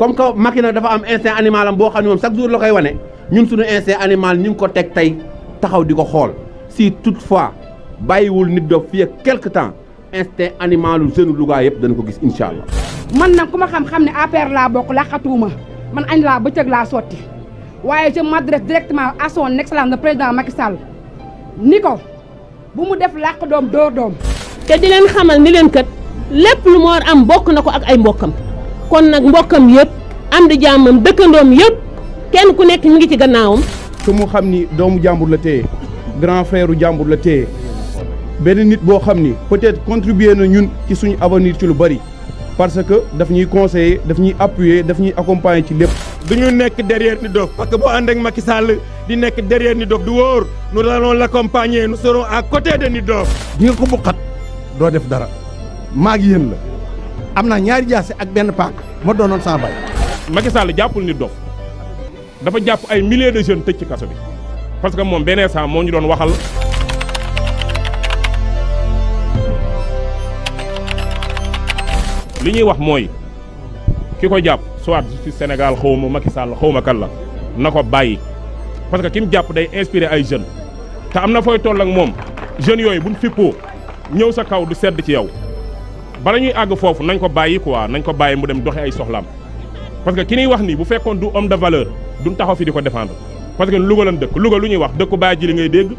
comme que Macky nag dafa am instinct animal am boo xam ne moom chaque jour la koy wane ñun suñu instinct animal ñu ngi ko teg tey taxaw di ko xool si toutefois bàyyiwul nit dof fii ak quelque temps instinct animal lu jeune Louga yëpp dana ko gis incha man nag ku ma xam-xam ne APR laa bokk laqatuuma man añ laa bëccëg laa sotti waaye je madre directement à son excellence le président Macky Sall ni ko bu mu def làq doom doo doom. te di leen xamal ni leen kat lépp lu moor am bokk na ko ak ay mbokkam. kon nag mbokkam yëpp am di jàmmam dëkkandoom yëpp kenn ku nekk ñu ngi ci gannaawam. que xam ni doomu jàmbur la téye grand frère u jàmbur la téye benn nit boo xam ni peut-être contribuer na ñun ci suñu avenir ci lu bari parce que daf ñuy conseiller daf ñuy appuyer daf ñuy accompagner ci lépp. du ñu nekk derrière ni dof parce que boo ànd ak Macky di nekk derrière ni dof du wóor nous allons l'accompagner nous serons à côté de ni dof. di nga ko buqat doo def dara maa ngi la. am naa ñaari jaase ak benn paak moo doonoon sama bay Macky jàppul nit dof dafa jàpp ay milliers de jeunes tëj ci kaso bi parce que moom beneen saa moo ñu doon waxal li ñuy wax mooy ki ko jàpp soit justice Sénégal xaw ma Macky Sall xaw ma kan la na ko bàyyi parce que ki mu jàpp day inspiré ay jeunes te am na fooy toll ak moom jeunes yooyu buñ fippoo ñëw sa kaw du sedd ci yow bala ñuy àgg foofu nañ ko bàyyi quoi nañ ko bàyyi mu dem doxe ay soxlaam parce que ki ñuy wax nii bu fekkoon du homme de valeur duñ taxaw fi di ko défendre parce que Louga lan dëkk Louga lu ñuy wax dëkku Baye Jili ngay dégg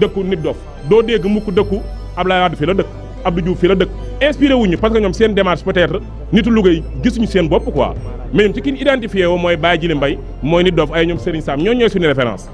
dëkku nit dof doo dégg mukk dëkku Abdoulaye Wade fi la dëkk Abdou Diouf fi la dëkk inspiré wuñu parce ñoom seen démarche peut-être nitu Louga gisuñu seen bopp quoi mais ñoom ci ki ñu woo mooy Baye Jili Mbaye mooy nit dof ay ñoom Serigne Sam ñooñu ñooy suñu référence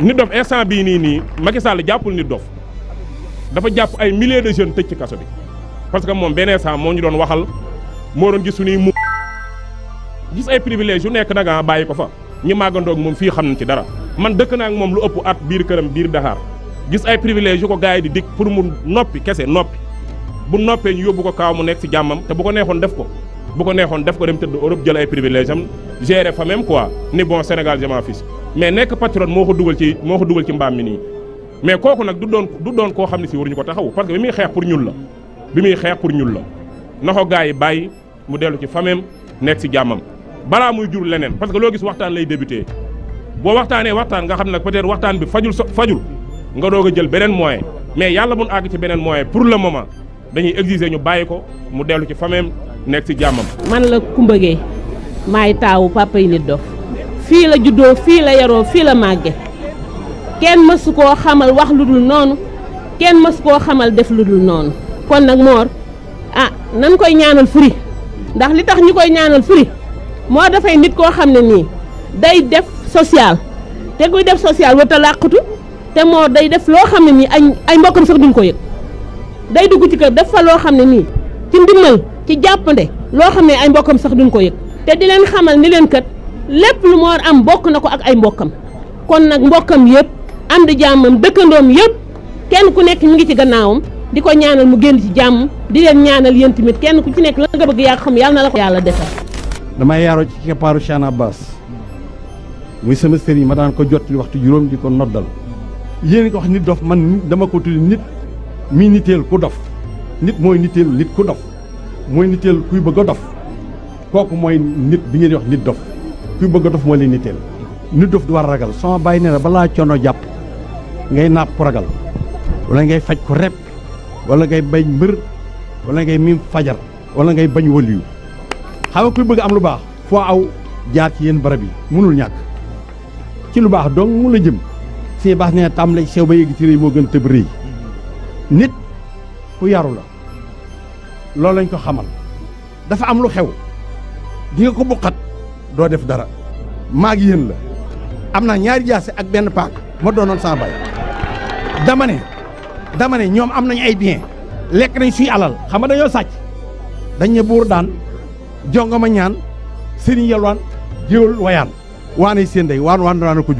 nit dof instant bii nii nii Macky dafa jàpp ay milliers de jeunes tëj ci kaso bi parce que moom beneen saa moo ñu doon waxal moo doon gis suñuy mu gis ay privilège yu nekk nag ah bàyyi ko fa ñu màggandoog moom fii xam nañ ci dara man dëkk naa ak moom lu ëpp at biir këram biir Dakar gis ay privilège yu ko gars yi di dikk pour mu noppi kese noppi bu noppee ñu yóbbu ko kaaw mu nekk si jàmmam te bu ko neexoon def ko bu ko neexoon def ko dem tëdd Europe jël ay privilège am gérer fa même quoi ni bon Sénégal je m'en fiche mais nekk patriote moo ko dugal ci moo ko dugal ci mbaam mi nii mais kooku nag du doon du doon koo xam ne si waruñu ko taxaw parce que bi muy xeex pour bi muy xeex pour ñul la naxo gaa yi bàyyi mu dellu ci fameem nekk si jàmmam balaa muy jur leneen parce que loo gis waxtaan lay débuté boo waxtaanee waxtaan nga xam nag peut waxtaan bi fajul so fajul nga doog a jël beneen moyen mais yàlla mun àgg ci beneen moyen pour la moment dañuy exiger ñu bàyyi ko mu dellu ci fameem nekk si jàmmam. man la Coumba Gueye maay taawu papa yi nit dof fii la juddoo fii la yaroo fii la màgge kenn mësu koo xamal wax lu dul noonu kenn mësu koo xamal def noonu. kon nag moor ah nan koy ñaanal furi ndax li tax ñu koy ñaanal furi moo dafay nit koo xam ne nii day def social te kuy def social wata làqutu te moo day def loo xam ne nii ay ay mbokkam sax duñ ko yëg day dugg ci kër def fa loo xam ne nii ci ndimbal ci jàppande loo xam ne ay mbokkam sax duñ ko yëg te di leen xamal ni leen kat lépp lu moor am bokk na ko ak ay mbokkam kon nag mbokkam yëpp am di jàmmam dëkkandoom yëpp kenn ku nekk ñu ngi ci gannaawam di ko ñaanal mu génn ci jàmm di leen ñaanal yéen tamit kenn ku ci nekk la nga bëgg yaa xam yàlla na la ko yàlla defal. damay yaaroo ci keppaaru Cheikhna Abbas muy sama sëriñ ma daan ko jot li waxtu juróom di ko noddal yéen ko wax nit dof man dama ko tudd nit mi niteel ku dof nit mooy niteel nit ku dof mooy niteel kuy bëgg a dof kooku mooy nit bi ngeen wax nit dof kuy bëgg a dof moo leen niteel nit dof du war ragal sama bàyyi ne balaa coono jàpp ngay napp ragal wala ngay faj ko rep wala ngay bañ mbër walla ngay miim fajar wala ngay bañ wëliyu xam kuy bëgg am lu baax foo aw jaar ci yenn barab yi mënul ñàkk ci lu baax dong mu la jëm see baax ne tam la sew ba yéegi ci réy moo gën tëb réy nit ku yaru la loolu lañ ko xamal dafa am lu xew di ko buqat doo def dara maag yéen la am naa ñaari jaase ak benn paak ma doonoon sama bay dama ne dama ne ñoom am nañu ay bien lekk nañ suy alal xam nga dañoo sàcc dañ ne buur daan jongama ñaan sëriñ yalwaan jiwul wayaan waanay seen day waan waan waan ko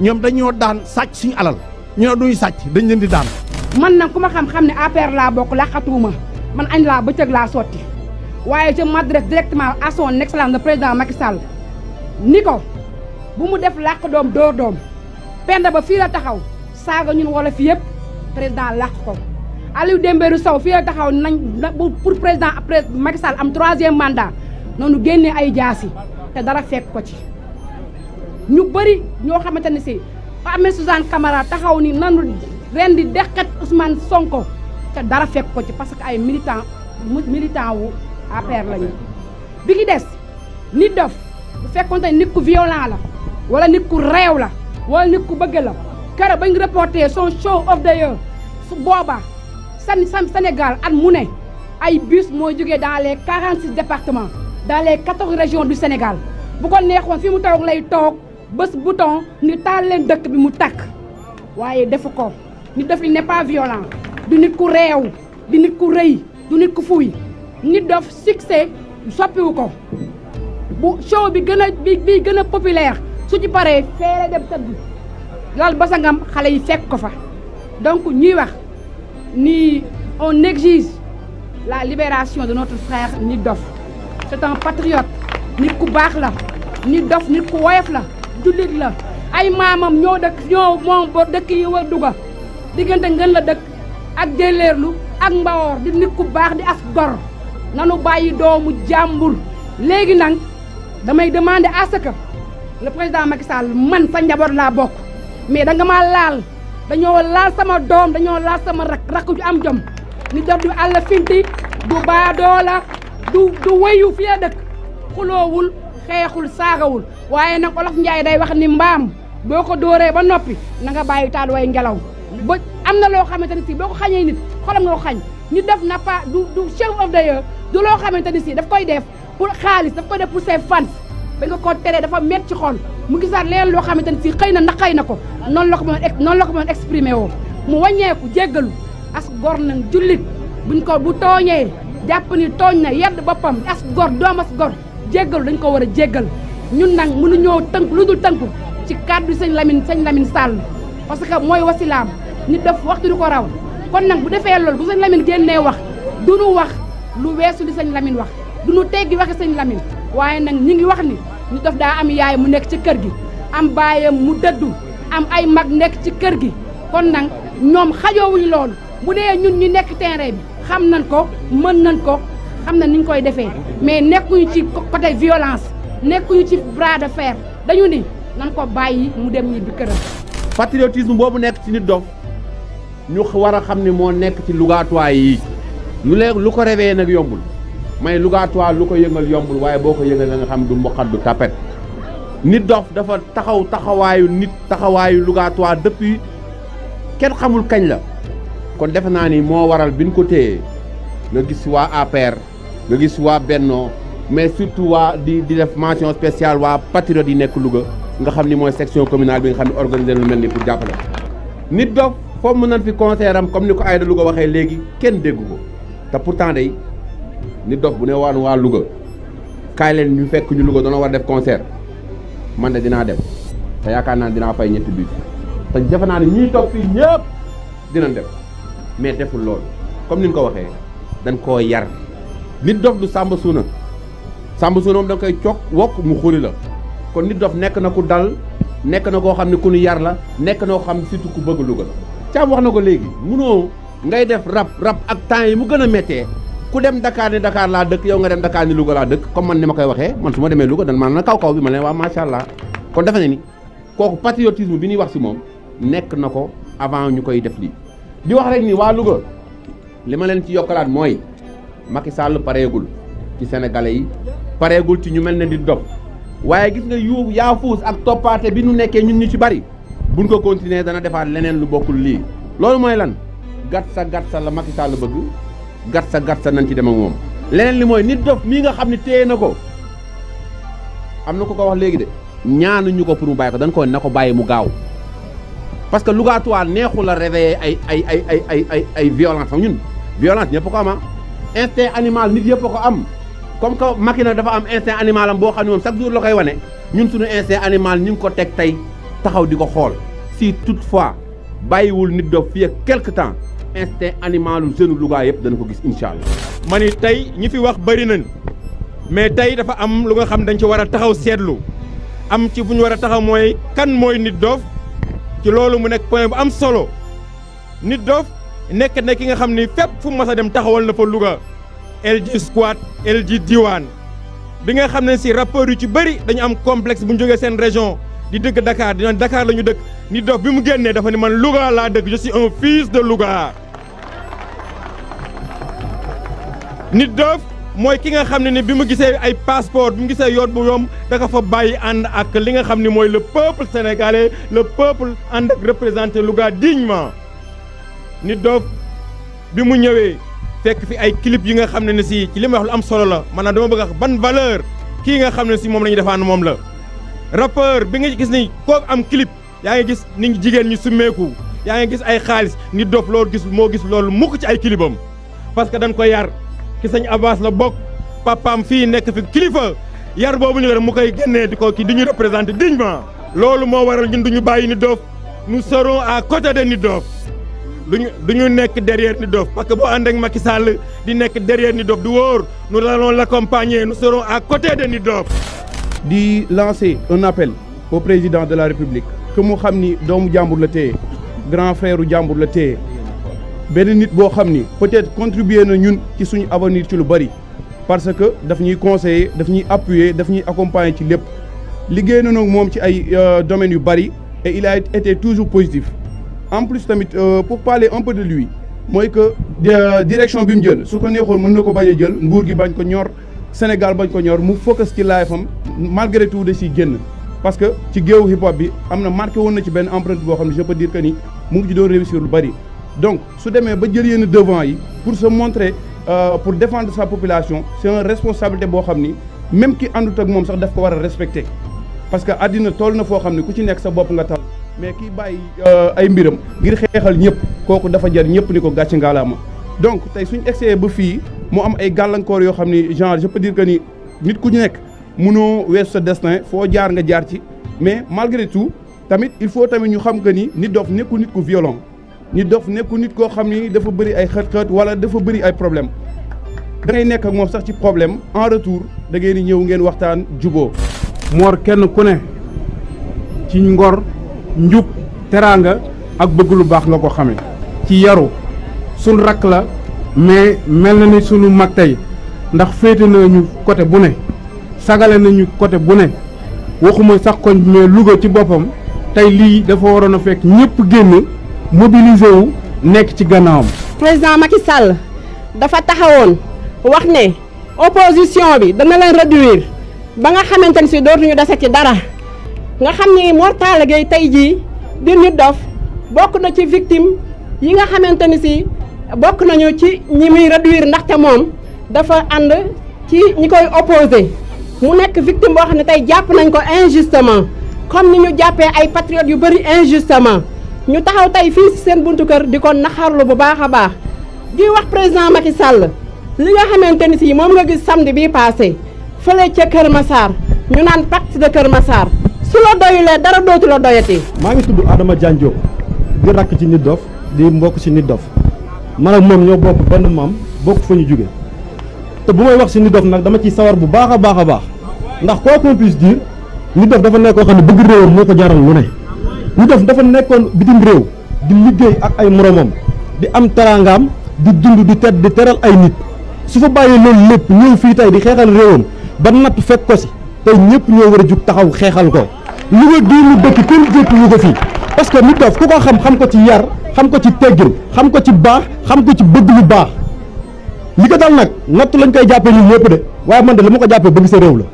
ñoom dañoo daan sàcc suñu alal ñoo duñu sàcc dañ leen di daan man nag ku ma xam-xam ne APR laa bokk la xatuuma man añ laa bëccëg laa sotti waaye je m'adresse directement à son excellence le président Macky Sall ni ko bu mu def làq doom dóor doom penda ba fii la taxaw saaga ñun wala fi yëpp président làq ko Aliou saw Sow fii la taxaw nañ pour président après Macky Sall am troisième mandat noonu génnee ay jaasi te dara fekk ko ci. ñu bëri ñoo xamante ne si amee Suzanne Camara taxaw ni nanu ren di deqet Ousmane Sonko te dara fekk ko ci parce que ay militant militant wu APR lañu bi ki des nit dof bu fekkoonte nit ku violent la wala nit ku réew la wala nit ku bëgg la. kara bañ reporté son show of the year su booba san san senegal at mu ne ay bis moo jógee dans les 46 départements dans les 14 régions du Sénégal bu ko neexoon fi mu toog lay toog bés bouton ni taal leen dëkk bi mu takk waaye defu ko nit def li n'est pas violent du nit ku du nit ku rëy du nit ku fuy nit dof succès soppiwu ko bu show bi gën a bi bi gën a populaire su ci paree feere dem tëdd lal basangam xale yi fekk ko fa donc ñuy wax ni on exige la libération de notre ni Nit Doff c'est un ku baax la Nit Doff nit ku woyof la jullit la ay maamam ñoo dëkk ñoo moom ba dëkk yi wa duga diggante ngeen la dëkk ak jëleerlu ak mbawoor di nit ku baax di as gor nanu bàyyi doomu jàmbur léegi nag damay demander à ce président Macky Sall man sa njaboot laa bokk mais danga ma maa laal dañoo laal sama doom dañoo laal sama rak rakk ju am jom ni jot du àll finti du baadoola du du wéyu fi la dëkk xuloowul xeexul saagawul waaye nag olof Njaay day wax ni mbaam boo ko dóoree ba noppi na nga bàyyi taat way ngelaw ba am na loo xamante ni si boo ko xañee nit xolam nga ko xañ ñu def na pas du du chef of du loo xamante ni si daf koy def pour xaalis daf koy def pour ses fans bañ nga ko teree dafa met ci xol mu gisaat leneen loo xamante ne si xëy na naqay na ko noonu la ko mën la ko mën exprimer woo mu wàññeeku jéggalu as gor nag jullit buñ ko bu tooñee jàpp ni tooñ na yedd boppam as gor doom as gor jéggalu dañ ko war a jéggal ñun nag mënuñoo tënk lu ñu tënku ci kàddu sëñ Lamine sëñ Lamine Sall parce que mooy wasilaam nit def waxtu du ko raw kon nag bu defee loolu bu lamin Lamine génnee wax du nu wax lu weesu li sëñ Lamine wax du nu teggi waxi sëñ Lamine waaye nag ñi ngi wax ni ñu def daa am yaay mu nekk ci kër gi am baayam mu dëddu am ay mag nekk ci kër gi kon nag ñoom xajoowuñu loolu bu dee ñun ñu nekk terrain bi xam nañ ko mën nañ ko xam na ni koy defee mais nekkuñu ci côté violence nekkuñu ci bras de fer dañu ni nan ko bàyyi mu dem ñibbi këram. patriotisme boobu nekk ci nit dof ñu war a xam ni moo nekk ci lugaatuwaay yi lu leen lu ko réveillé nag yombul. may Louga toi lu ko yëngal yombul waaye boo ko yëngal na nga xam du mboqat du tapet nit dof dafa taxaw taxawaayu nit taxawaayu Louga toi depuis kenn xamul kañ la kon defe naa ni moo waral bi ñu ko téyee nga gis waa APR nga gis waa Bennoo mais surtout waa di di def mention spéciale waa patriote yi nekk Louga nga xam ni mooy section communale bi nga xam ne organisé lu mel ni pour jàppale nit dof foofu mën nañ fi concert am comme ni ko Aïda Louga waxee léegi kenn dégg ko te pourtant day nit dof bu ne waan waa Louga kaay leen ñu fekk ñu Louga doona war def concert man de dinaa def te yaakaar naa dinaa fay ñetti bi te jafe naa ne ñii toog fii ñëpp dinañ dem mais deful loolu comme ni ko waxee dañ koo yar nit dof du sàmba suuna sàmba suuna moom da koy cokk wokk mu xuri la kon nit dof nekk na ku dal nekk na koo xam ne ku yar la nekk na koo xam surtout ku bëgg Louga la caab wax na ko léegi munoo ngay def rab rab ak temps yi mu gën a méttee ku dem Dakar ni Dakar laa dëkk yow nga dem Dakar ni Louga laa dëkk comme man ni ma koy waxee man su ma demee Louga dan maa na kaw kaw bi ma leen waa macha allah kon dafa ne ni kooku patriotisme bi ñuy wax si moom nekk na ko avant ñu koy def lii di wax rek ni waa Louga li ma leen ci yokkalaat mooy Macky Sall pareegul ci sénégalais yi pareegul ci ñu mel ne di dof waaye gis nga yu yaafuus ak toppaate bi nu nekkee ñun ñu ci bari buñ ko continuer dana defaat leneen lu bokkul lii loolu mooy lan gat sa gat sa la Macky Sall bëgg gat sa gat sa nañ ci dem ak moom leneen li mooy nit dof mii nga xam ne téye na ko am na ko ko wax léegi de ñaanuñu ko pour mu bàyyi ko dañ ko na ko bàyyi mu gaaw parce que Lougatoire neexu la réveiller ay ay ay ay ay ay ay violence ñun violence ñëpp ko am ah instinct animal nit yëpp ko am comme que Macky nag dafa am instinct animal am boo xam ne moom chaque jour la koy wane ñun su instinct animal ñu ngi ko teg tey taxaw di ko xool si toutefois bàyyiwul nit dof fii ak quelque temps instinct animalu jeune Louga yëpp dana ko gis incha allah. ma ni tey ñi fi wax bëri nañ mais tey dafa am lu nga xam dañ ci war a taxaw seetlu am ci fu ñu war a taxaw mooy kan mooy nit doof ci loolu mu nekk point bu am solo nit doof nekk na ki nga xam ni fépp fu mas a dem taxawal na fa luga el ji squat el ji diwaan bi nga xam ne si rappeurs yu ci bëri dañu am complexe bu jógee seen région. di dëgg Dakar di naan Dakar la ñu dëkk ni dof bi mu génnee dafa ni man Louga laa dëkk je suis un fils de Louga. nit dof mooy ki nga xam ne ni bi mu gisee ay passeport bi mu gisee yoon bu yomb dafa fa bàyyi ànd ak li nga xam ni mooy le peuple sénégalais le peuple ànd ak représenté Louga dignement nit dof bi mu ñëwee fekk fi ay kilip yi nga xam ne ni si ci li ma wax lu am solo la maanaam dama bëgg a wax ban valeur kii nga xam ne si moom la ñu defaan moom la. rappeur bi nga gis ni koo am clip yaa ngi gis ni jigéen ñi summeeku yaa ngi gis ay xaalis ni dof loolu gis moo gis loolu mukk ci ay kilibam parce que dañ ko yar ki sañ Abbas la bokk papaam fii nekk fi kilifa yar boobu ñu mu koy génnee di ko kii di ñu représenté dignement loolu moo waral ñun ñu bàyyi ni doof nous serons à côté de Nitdoff duñu duñu nekk derrière Nitdoff parce que boo ànd ak Macky Sall di nekk derrière Nitdoff du wóor nous allons l'accompagner nous serons à côté de Nitdoff di lancer un appel au président de la république que mu xam ni doomu jàmbur la téye grand frère u la téye benn nit boo xam ni peut-être contribuer na ñun ci suñu avenir ci lu bari parce que daf ñuy conseiller daf ñuy appuyer daf ñuy accompagner ci lépp liggéey na noog moom ci ay euh, domaines yu bari et il a été toujours positif en plus tamit euh, pour parler un peu de mooy que euh, direction bi mu jël su ko neexoon mën na ko bañ a jël nguur gi bañ ko ñor. Sénégal bañ ko ñor mu focus ci live am malgré tout da génn parce que ci géew hip hop bi am na marqué woon na ci benn empreinte boo xam ne je peux dire que ni mu ngi ci doon réussir lu bari. donc su demee ba jël yenn devant yi pour se montrer euh, pour défendre sa population c'est une boo xam ni même ki àndut ak moom sax daf ko war a respecter parce que àddina toll na foo xam ne ku ci nekk sa bopp nga tal mais ki bàyyi euh, ay mbiram ngir xeexal ñëpp kooku dafa jar ñëpp ni ko gàcce ngaalaama donc tey suñu essayé ba fii. mu am ay gàllankoor yoo xam ni genre je peux que ni nit ku ñu nekk mënoo wees sa destin foo jaar nga jaar ci mais malgré tout tamit il faut tamit ñu xam que ni nit dof nekkul nit ku violent nit dof nekkul nit koo xam ni dafa bëri ay xët-xët wala dafa bëri ay problème da ngay nekk ak moom sax ci problème en retour da ngeen di ñëw ngeen waxtaan juboo moor kenn ku ne ci ngor njub nga ak bëgg lu baax nga ko xamee ci yaru sun rakk la mais mel na ni sunu mag tey ndax féete nañu côté bu ne sagale nañu côté bu ne waxuma sax koñ mais Louga ci boppam tey lii dafa waroon a fekk ñëpp génn mobiliser wu nekk ci gannaawam. président Macky Sall dafa taxawoon wax ne opposition bi dana leen réduire ba nga xamante ni si dootuñu dese ci dara nga xam ni Mor Talla Gueye tey jii di nit dof bokk na ci victime yi nga xamante ni si. bokk nañu ci ñi muy ndax ndaxte moom dafa ànd ci ñi koy opposé mu nekk victime boo xam ne tey jàpp nañ ko injustement comme ni ñu jàppee ay patriotes yu bëri injustement ñu taxaw tey fii ci seen buntu kër di ko naxarlu bu baax a baax di wax président Macky Sall li nga xamante ni si moom nga gis samedi bii passé fële ca Kër Massar ñu naan pacte de Kër Massar su la doyulee dara dootu la doyati. maa ngi tudd Adama Diagne Diop di rakk ci Nit Dof di mbokk ci Nit man ak moom ñoo bokk benn maam bokk fa ñu jóge te bu may wax si Nit Doff nag dama ci sawar bu baax a baax a baax ndax quoi qu'on puisse dire dafa nekk koo xam ne bëgg réewam moo ko jaral lu ne Nit Doff dafa nekkoon bitim réew di liggéey ak ay moromam di am taraangaam di dund di tedd di teral ay nit su fa bàyyee loolu lépp ñëw fii tey di xeexal réewam ba natt fekk ko si tey ñëpp ñoo war a jug taxaw xeexal ko li nga gii dëkk kër jékki ko fi parce que Nit Doff ku ko xam xam ko ci yar xam ko ci teggin xam ko ci baax xam ko ci bëgg lu baax li ko dal nag nattu lañ koy jàppee ñun ñëpp de waaye man de la ma ko jàppee bëgg sa réew la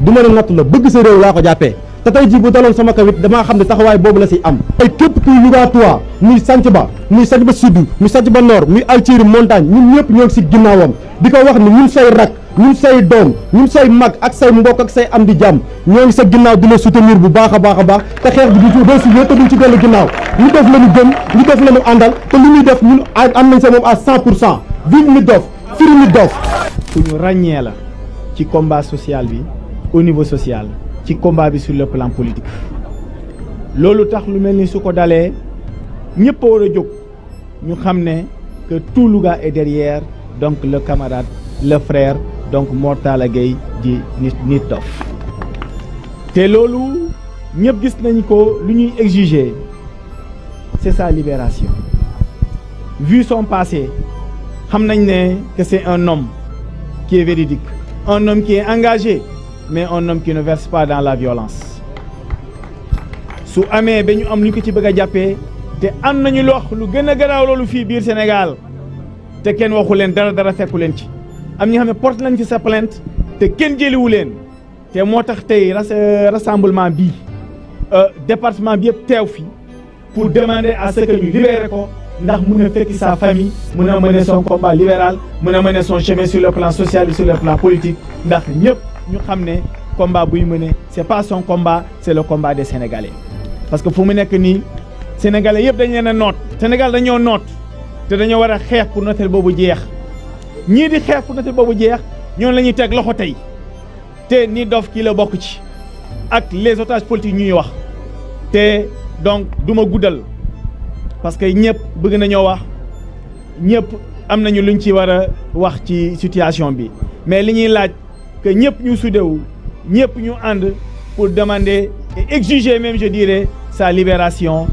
du ma ne nattu la bëgg sa réew laa ko jàppee te tey jii bu daloon sama kawit damaa xam ne taxawaay boobu la ci am tey képp kuy Louga 3 muy sanc ba muy sanc ba sud muy sanc ba nord muy Alciri montagne ñun ñëpp ñoo ngi si ginnaawam di ko wax ni ñun say rak ñun say doom ñun say mag ak say mbokk ak say am di jàmm ñoo ngi sa ginnaaw di la soutenir bu baax a baax a baax te xeex bi du réussi te duñ ci dellu ginnaaw ñu def la ñu gëm ñu def la ñu àndal te li muy def ñun am nañ sa moom à cent pour cent vive Nitdoff firi Nitdoff ku ñu ràññee la ci combat social bi au niveau social ci combat bi su le plan politique loolu tax lu mel ni su ko dalee ñëpp war a jóg ñu xam ne que tout Louga est derrière donc le camarade le frère donc Mor Talla Gueye di nit nit dof te loolu ñëpp gis nañ ko lu ñuy exiger c'est sa libération vu son passé xam nañ ne que c'est un homme qui est véridique un homme qui est engagé mais un homme qui ne verse pas dans la violence su amee ba ñu am lu ñu ko ci bëgg a jàppee te am nañu lox lu gën a garaaw loolu fii biir Sénégal te kenn waxu leen dara dara fekku leen ci am ñi xam ne porte nañ ci sa plainte te kenn jëliwu leen te moo tax tey euh, rassemblement bii euh, département bi yëpp teew fi pour demander à ce que ñu ko ndax mun a fekki sa famille mun a mener son combat libéral mun a mener son chemin sur le plan social et sur le plan politique ndax ñëpp ñu xam ne combat buy mener c'est pas son combat c'est le combat parce que fu mu nekk nii sénégalais yëpp dañ leen a noot Sénégal dañoo noot te dañoo war a xeex pour nooteel boobu jeex ñii di xeex pour nature boobu jeex ñoom la ñuy teg loxo tey te nii dof kii la bokk ci ak les otages politiques ñuy wax te donc du ma guddal parce que ñëpp bëgg nañoo wax ñëpp am nañu luñ ci war a wax ci situation bi mais li ñuy laaj que ñëpp ñu sudewu ñëpp ñu ànd pour demander et exiger même je dirais sa libération